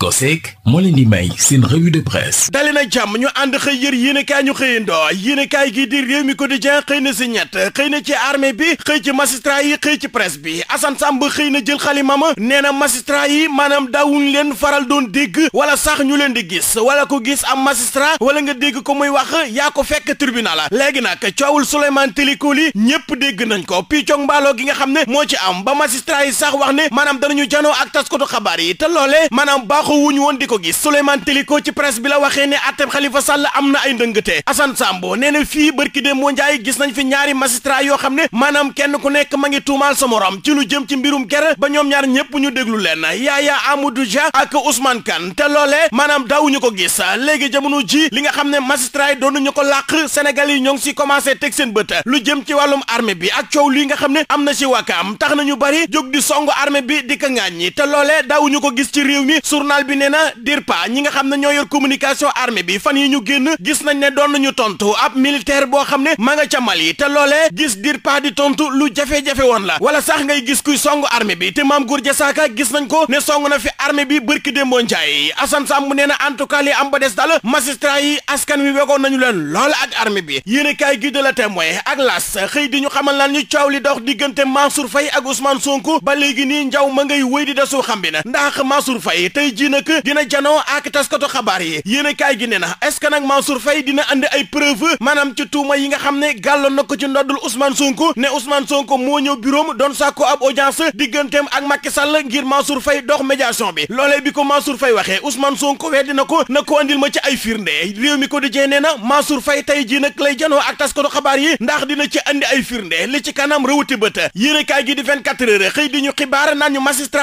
COSEC moo leen di may seen revue de presse dali na jàmm ñu ànd xëy yër yéenekaay ñu xëyandoo yéenekaay gi di réew mi quotidien xëy na si ñett xëy na ci armée bi xëy ci magistrat yi xëy ci presse bi Assane Samb xëy na jël xalimama nee na magistrat yi maanaam leen faral doon dégg wala sax ñu leen di gis wala ko gis am magistrat wala nga dégg ko muy wax yaa ko fekk tribunal léegi nag coowul Souleymane Téliko li ñëpp dégg nañ ko piccog mbaaloo gi nga xam ne moo ci am ba magistrat yi sax wax ne maanaam danañu janoo ak taskatu xabaar yi taxawuñ woon di ko gis Souleymane Téliko ci presse bi la waxee ne atteb Khalifa Sall am na ay ndëngate Assane Sambo nee na fii bërki de moo njaay gis nañ fi ñaari magistrat yoo xam ne maanaam kenn ku nekk ma ngi tuumaal sa morom ci lu jëm ci mbirum ger ba ñoom ñaar ñëpp ñu déglu leen Yaya Amadou Dia ak Ousmane Kane te loolee maanaam daawuñu ko gis léegi jamono ji li nga xam ne magistrat yi doonuñu ko làq Sénégal yi ñoo ngi si commencé teg seen bët lu jëm ci wàllum armée bi ak coow lii nga xam ne am na si wàkkaam tax nañu bari jóg di songu armée bi di ka ñi te loolee daawuñu ko gis ci réew mi journal bi nee ñi nga xam ne ñoo yor communication armée bi fan yi ñu génn gis nañ ne doon ñu tontu ab militaire boo xam ne ma nga ca Mali te loolee gis DIRPA di tontu lu jafe-jafe woon la wala sax ngay gis kuy song armée bi te Mame Gor Diazaka gis nañ ko ne song na fi armée bi bërki démboo njaay Assane Samb nee na en tout cas li am ba des daal magistrat yi askan wi wegoon nañu leen lool ak armée bi yéene kaay gi de la témoin ak las xëy di ñu xamal lan ñu coow li dox diggante Mansour Faye ak Ousmane Sonko ba léegi nii njaw ma ngay wéy di desu xam bi na ndax Mansour Faye tey nag dina janoo ak taskatu xabaar yi yéen kaay gi ne na est ce que nag Mansour Faye yi nga xam ne gàlloon na ko ci ndoddul Ousmane Sonko ne Ousmane Sonko moo ñëw bureau doon sàkku ab audience digganteem ak Macky Sall ngir Mansour Faye dox médiation bi loolee bi waxee Ousmane Sonko na ko na ko andil ma ci ay firnde réew mi ko di na Mansour Faye tey jii nag lay ndax dina ci andi ay firnde li ci kanam rawati bët yéen kaay gi di xëy di ñu xibaar naan ñu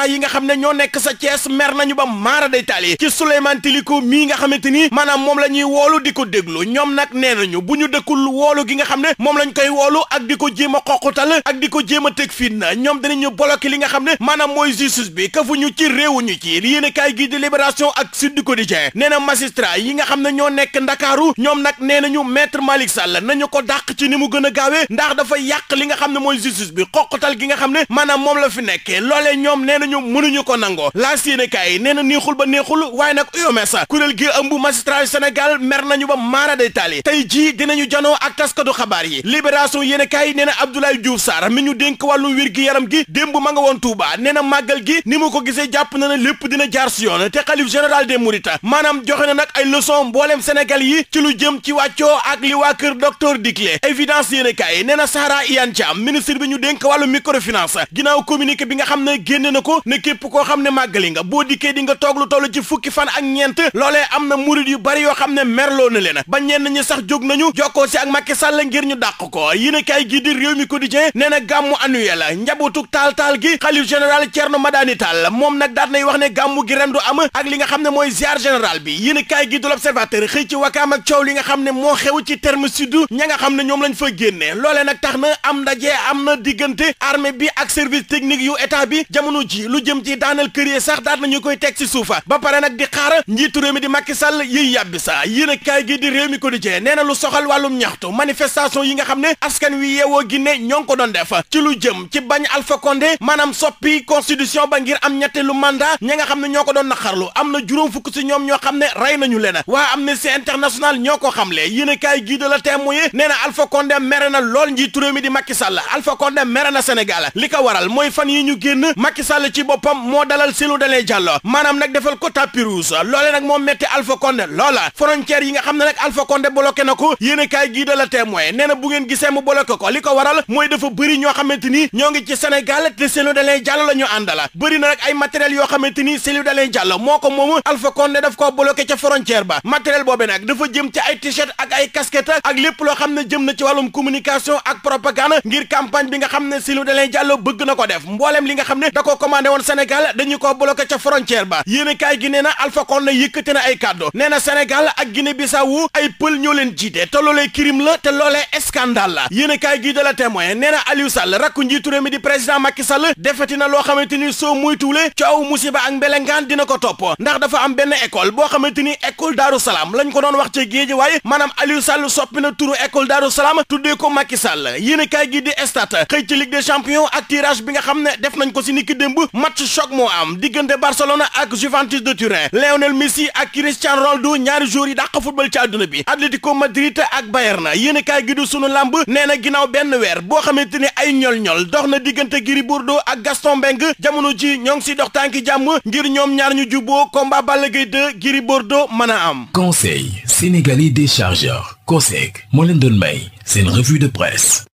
yi nga xam ne ñoo nekk sa Thiès mer ba ma maara day taal yi ci Souleymane Téliko mii nga xamante ni maanaam moom la ñuy woolu di ko déglu ñoom nag nee nañu bu ñu dëkkul woolu gi nga xam ne moom lañ koy woolu ak di ko jéem a xoqutal ak di ko jéem a teg na ñoom danañu bolo li nga xam ne maanaam mooy justice bi kafuñu ci réewuñu ci yéene kaay gi di libération ak Sud Quotidien nee na magistrat yi nga xam ne ñoo nekk ndakaaru ñoom nag nee nañu maître Malick na nañu ko dàq ci ni mu gën a gaawee ndax dafa yàq li nga xam ne mooy justice bi xoqutal gi nga xam ne maanaam moom la fi nekkee loolee ñoom nee nañu mënuñu ko nangoo laas yéene kaay nee na nii neexul ba neexul waaye nag UMS kuréel gi ëmb magistrat yu Sénégal mer nañu ba maara day taali tey jii dinañu janoo ak taskatu xabaar yi libération yéen kaay nee na Abdoulaye Diouf Sarr mi ñu dénk wàllu wér gi yaram gi démb ma nga woon Touba nee na màggal gi ni mu ko gisee jàpp na ne lépp dina jaar si yoon te xalif général des Mourides maanaam joxe na nag ay leçon mbooleem Sénégal yi ci lu jëm ci wàccoo ak li waa kër docteur Diklé évidence yéen kaay nee na Sahara Iyane Thiam ministre bi ñu dénk wàllu microfinance ginnaaw communiqué bi nga xam ne génne na ko ne képp koo xam ne màggali nga boo dikkee di nga toog lu toll ci fukki fan ak ñeent loolee am na murit yu bari yoo xam ne merloo na leen ba ñeen ñi sax jóg nañu jokkoo si ak Macky Sall ngir ñu dàq ko yéen kay gi di réew mi quotidien nee na gàmmu annuel njabootug taal-taal gi xalif général Thierno Madani Tall moom nag daat nay wax ne gàmmu gi ren du am ak li nga xam ne mooy ziar général bi yéen kay gi du l'observateur xëy ci wakaam coow li nga xam ne moo xew ci terme sud ña nga xam ne ñoom lañ fa ne loolee nag tax na am ndaje am na diggante armée bi ak service technique yu état bi jamono ji lu jëm ci daanal kër yi sax daat nañu koy teg ci suufa ba pare nag xaar njiitu di Macky yiy yàbbi sa yéen a kaay gi di réew mi ko di jee lu soxal ñaxtu manifestation yi nga xam ne askan wi yeewoo Guinée ñoo ngi ko doon def ci lu jëm ci bañ Alpha Condé maanaam soppi constitution ba ngir am ñetteelu mandat ñi nga xam ne ñoo ko doon naqarlu am na juróom fukk si ñoom ñoo xam ne rey nañu leen waa ñoo ko xamle a kaay gi de la témoin nee na Alpha Condé na lool njiitu réew mi di Macky Sall Alpha Condé mere na li ko waral mooy fan yi ñu génn Macky Sall ci boppam moo dalal Cellou Dalein Diallo maanaam nag defal ko tapis rouge loole nag moom metti Alpha Condé loola frontière yi nga xam ne nag Alpha Condé bloqué na ko yéen a kaay gii da la témoin nee na bu ngeen gisee mu ko li ko waral mooy dafa bëri ñoo xamante ni ñoo ngi ci Sénégal te Cellou Dalein Diallo la ñu àndala bëri na nag ay matériel yoo xamante ni Cellou Dalein Diallo moo ko moomu Alpha Condé daf ko bloqué ca frontière ba matériel boobee nag dafa jëm ci ay t-shirt ak ay casquette ak lépp loo xam ne jëm na ci wàllum communication ak propagande ngir campagne bi nga xam ne Cellou Dalein bëgg na ko def mbooleem li nga xam ne da ko commandé woon Sénégal dañu ko bloqué ca frontière ba yéen a gi nee na Alpha Condé yëkkati na ay kàddu nee na Sénégal ak Guinée Bissau ay pël ñoo leen jiite te loolee crime la te loolee scandale la yéen a kaay gi de la témoin nee na Aliou Sall rakku njiitu réew di président Macky Sall defeti na loo xamante ni soo muytuwule coow musiba ak mbelengaan dina ko topp ndax dafa am benn école boo xamante ni école Daaru Salaam lañ ko doon wax ci géej waaye maanaam Aliou Sall soppina na turu école Daaru Salaam tuddee ko Macky Sall yéen a di Stades xëy ci Ligue tirage bi nga xam ne def nañ ko si niki démb match choc moo am diggante Barcelona ak Juventus de Turin Lionel Messi ak Cristiano Ronaldo ñaari joueurs yi dàq football ci àdduna bi Atlético Madrid ak Bayern yéen a kaay gi du sunu lamb nee na ginnaaw benn weer boo xamante ni ay ñol-ñol dox na diggante Gris Bordeaux ak Gaston Mbengue jamono ji ñoo ngi si dox tànki jàmm ngir ñoom ñaar ñu juboo combat bal Gaye 2 Gris Bordeaux mën a am. Conseil sénégalais des chargeurs COSEC moo leen doon may seen revue de presse.